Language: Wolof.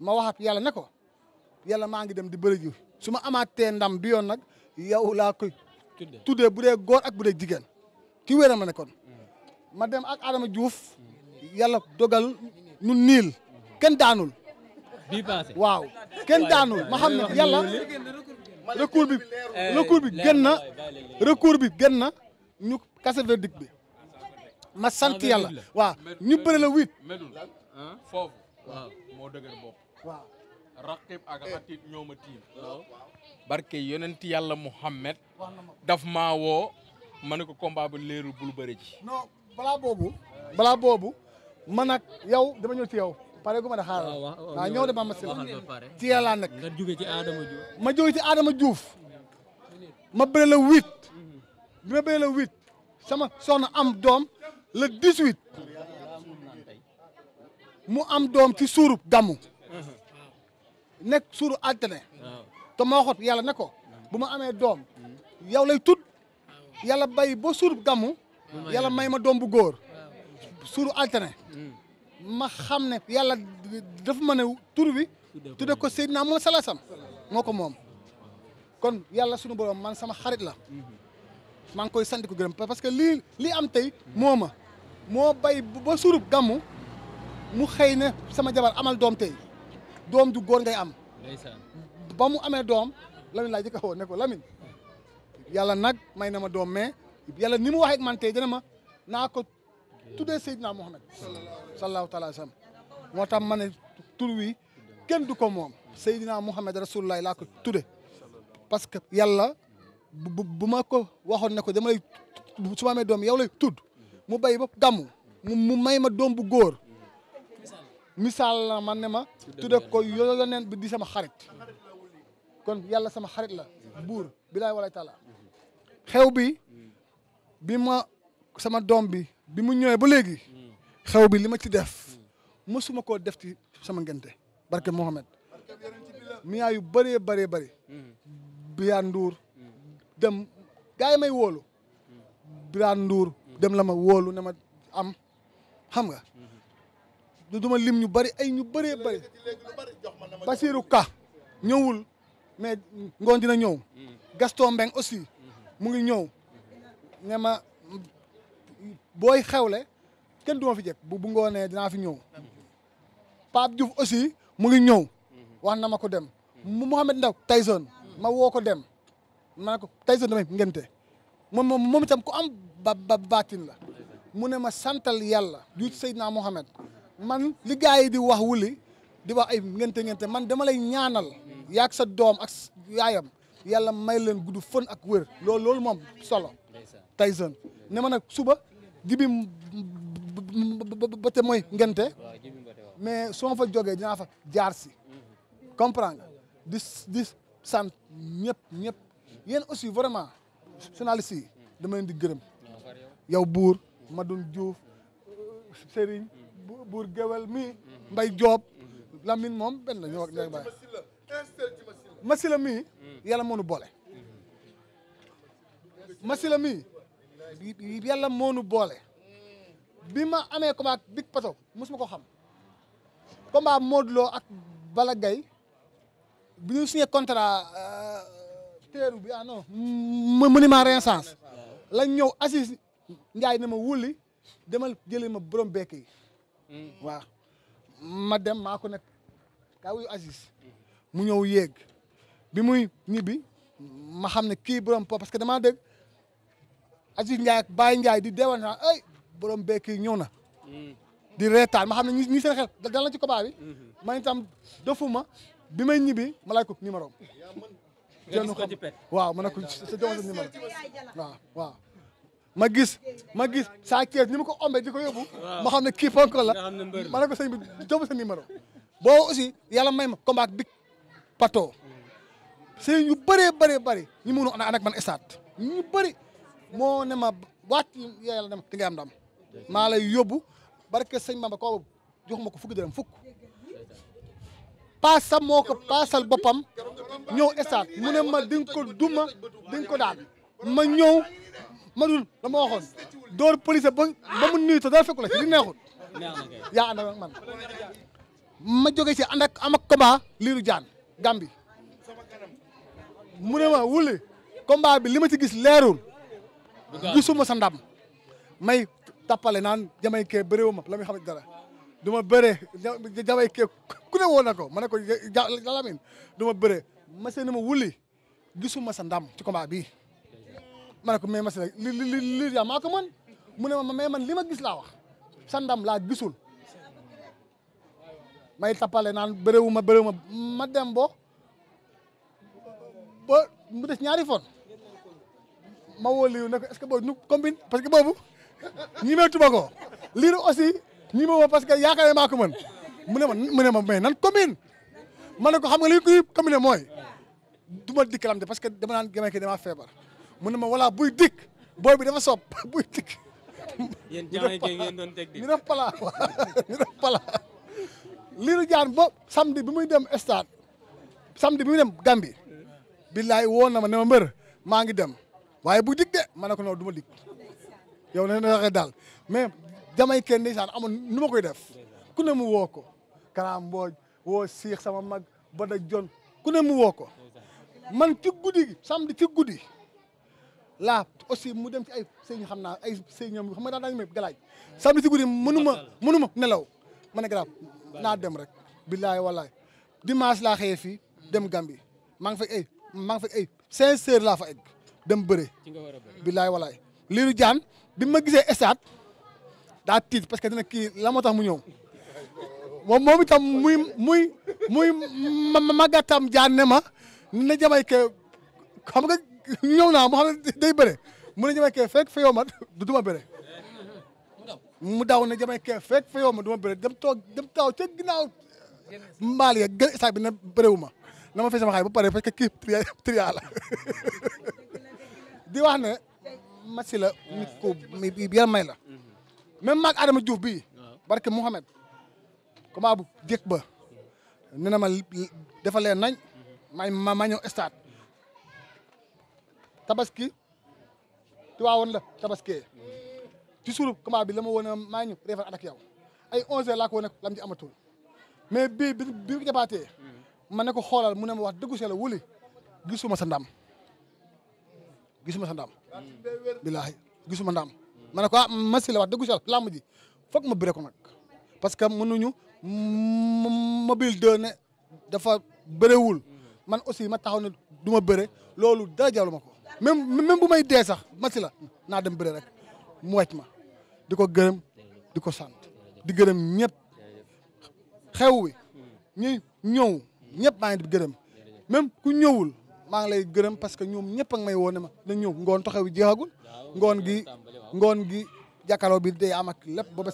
ma wax ak yàlla ne ko yàlla maa ngi dem di bëri ji su ma amaatee ndam du yoon nag yow laa koy. tuddee bu dee góor ak bu dee jigéen ci wéram la ne ma dem ak Adama Diouf yàlla dogal nu niil kenn daanul. bii paase waaw kenn daanul ma xam ne yàlla bi recours bi gën na ñu kase verdict bi ma sant yàlla waaw ñu bëri la huit foofu waaw moo dëgër bopp. waaw raqib ak eh. xatit ñoo ma tiim. barke yonent yàlla Muhammad daf maa woo ma ne ko combat ba leerul bul bëri ji. non balaa boobu. balaa boobu man ak yow dama ñëw ci yow. pare gu ma da xaaral waaw ñëw de Bamba Sylla ci yàlla nag nga jóge ci Adama Diouf ma jóge ci Adama Diouf ma bëre la huit mhm. bi ma bëre la sama soxna am doom le dix huit mu am doom ci suurub gàmmu nekk suuru altine te xot yàlla ne ko bu ma amee doom yow lay tudd yàlla bay ba suurub gàmmu yàlla may ma doom bu góor suuru altine ma xam ne yàlla dafa ma ne tur bi tudde ko Seydina moom salasam moo ko moom kon yàlla sunu borom man sama xarit la maa ngi koy santi ko gërëm parce que lii lii am tey moo ma moo bay ba suurub gàmmu mu xëy ne sama jabar amal doom tey doom ju góor ngay am. ba mu amee doom Lamine laa jëkka woo ne ko Lamine yàlla nag may na ma doom mais yàlla ni mu waxee ak man tey dina ma naa ko tuddee Seydina Mohamed. sallallahu taala sallam moo tax ma ne tur wi kenn du ko moom Seydina Mohamed rasulullah laa ko tudde parce que yàlla bu bu ma ko waxoon ne ko dama lay su ma amee doom yow lay tudd mu bay ba gàmmu mu may ma doom bu góor. misaal la man ne ma tudde ko yoneen bi di sama xarit kon yàlla sama xarit la buur bilaay walaay taala xew bi bi ma sama doom bi bi mu ñëwee ba léegi xew bi li ma ci def mësuma koo def ci sama ngente barke Mohamed miyaa yu bëree baree bëri Biraa Nduur dem gaa yi may wóolu Biraa Nduur dem la ma wóolu ne ma am xam nga du ma lim ñu bëri ay ñu bare bëri Basirou Ka ñëwul mais ngoon dina ñëw Gaston Mbeng aussi mu ngi ñëw ne ma booy xewle kenn du fi jekk bu bu ngoonee dinaa fi ñëw Pape Diouf aussi mu ngi ñëw wax na ma ko dem Mouhamed Ndaw Tyson ma woo ko dem ma ne ko Tyson damay ngente moom moom itam ku am ba ba baatin la mu ne ma santal yàlla du Seydina Mouhamed man li gars yi di wax wuli di wax ay ngente ngente man dama lay ñaanal yaag sa doom ak yaayam yàlla may leen gudd fën ak wér loolu loolu moom solo Tyson ne ma nag suba jibi bate mooy ngente mais soo ma fa jógee dinaa fa jaar si comprendre di di sant ñëpp ñëpp yéen aussi vraiment journalistes si dama leen di gërëm yow buur Madoune Diouf Serigne buur géwél mii mbay joob Lamine moom benn la ñu wax ndey mbay masila mii yàlla moo nu boole masila mii yàlla moo nu boole bi ma amee combat big pato mosuma ko xam combat Modou Lo ak bala gay bi ñu signé contrat euh, teeru bi ah non monument Renaissance lañ ñëw Aziz Ndiaye ne ma wulli demal jëlee ma borom bekk waaw ma dem maa ko nekk kawuyu Aziz mu ñëw yeg bi muy ñibbi ma xam ne kii borom po parce que damaa dégg Aziz Ndiaye baay Baye di deewal naa ay borom bee kii ñëw na di reetaan ma xam ne ñu ñi seen xel dal na ci combat bi man itam defuma bi may ñibbi ma laaj ko numéro am jël ko waaw ma ne ko ma gis ma gis Sa Thiès ni ma ko ombee di ko yóbbu. ma xam ne kii ponk la ma ne ko sëñ bi doomu sa numéro. boo aussi yàlla ma combat bi pato sëñ yu bëree bëree bëri ñu mënu ànd ak man stade ñu bëri moo ne ma waat yàlla dem di nga am ndam maa lay yóbbu barke sëñ Bamba koo jox ma ko fukki dërëm fukk paasam moo ko paasal boppam ñëw stade mu ne ma di ko duma di ko daal ma ñëw. madul dama waxoon door police ba mu nuyu te dara fekku la ci li neexul yaa ànd ak man ma jóge ci ànd ak am liiru jaan Gambie mu ne ma wuli combat bi li ma ci gis leerul gisuma sa ndam may tappale naan jamay kee bëréewu la muy xam dara du ma jamay kee ku ne ko ma ne ko Lamine du ma bëree ma see ma wuli gisuma sa ndam ci combat bii ma ko mais Massi li li li yaa mën mu ne ma mais man li ma gis laa wax sa ndam laa gisul may tappale naan bëréwu ma bëréwu ma ma dem bo ba mu ñaari fon ma woo liiru ne ko est-ce que boobu ñu parce que boobu ñi mee tuba ko liiru aussi ñi ma parce que yaakaar ne maa mën mu ne ma mu ne mais nan combine ma ne ko xam nga li kuy combine mooy du ma dikkalam de parce que dama naan gamee ki damaa feebar mu ne ma voilà buy dikk booy bi dafa sopp buy dikk. yéen jaay ngeen doon teg ñu def pala ñu liiru jaan ba samedi bi muy dem stade samedi bi muy dem Gambie billaay woo na ma ne ma mbër maa ngi dem waaye bu dig de ma ne ko noonu du ma ne na waxee daal mais jamay kenn ndeysaan amoon nu ma koy def ku ne mu woo ko karaam mbooj woo siix sama mag ba da jon ku ne mu woo ko man ci guddi samedi ci guddi laa aussi mu dem ci ay sëñ xam naa ay sëñ ñoom xam nga daal daañu may galaaj samedi si guddi mënuma mënuma nelaw ma ne garaab naa dem rek billaay wallaay dimanche laa xëyee fii dem Gambie maa ngi fekk ay maa ngi fekk ay laa fa egg dem bëre billaay wallaay liiru jaan bi ma gisee stade daa tiit parce que dina kii la moo tax mu ñëw moom moom itam muy muy muy magatam jaan ne ma ne jamay ke ñëw naa mu xam ne day mu ne jamaykee fekk fa ma du duma bëre mu daw ne jamaykee fekk fa du ma bëre dem taw ca ginnaaw mbaal ya gën isaak bi ne bërewu na ma fi sama xaay pare parce que kii tri di wax ne Massi la nit ku yàlla may maag Adama Diouf bii barke Mouhamed comment bu jëkk ba ne na ma dafa nañ ma ma ñëw stade tabaski Tiwaawoon la tabaskee ci suuru combat bi la ma woon maa ñu reefal ànd ak yow ay 11h laa ko woon lam ci amatul mais bii bi bi ko jabaatee ma ne ko xoolal mu ne ma wax dëggu see la wuli gisuma sa ndam gisuma sa ndam. billaahi gisuma ndaam ma ne ko ah masi la wax dëggu see la làmb ji foog ma bëree ko nag parce que mënuñu ma 2 ne dafa bërewul man aussi ma taxaw ne du ma bëre loolu dara jarlu ko. même même bu may dee sax masi la naa dem bëre rek mu wàcc ma di ko gërëm di ko sant di gërëm ñëpp xew wi ñuy ñëw ñëpp maa ngi di gërëm même ku ñëwul maa ngi gërëm parce que ñoom ñëpp a ngi may wone ma na ñëw ngoon taxaw yi jeexagul ngoon gi ngoon gi jàkkaarloo bi day am ak lépp ba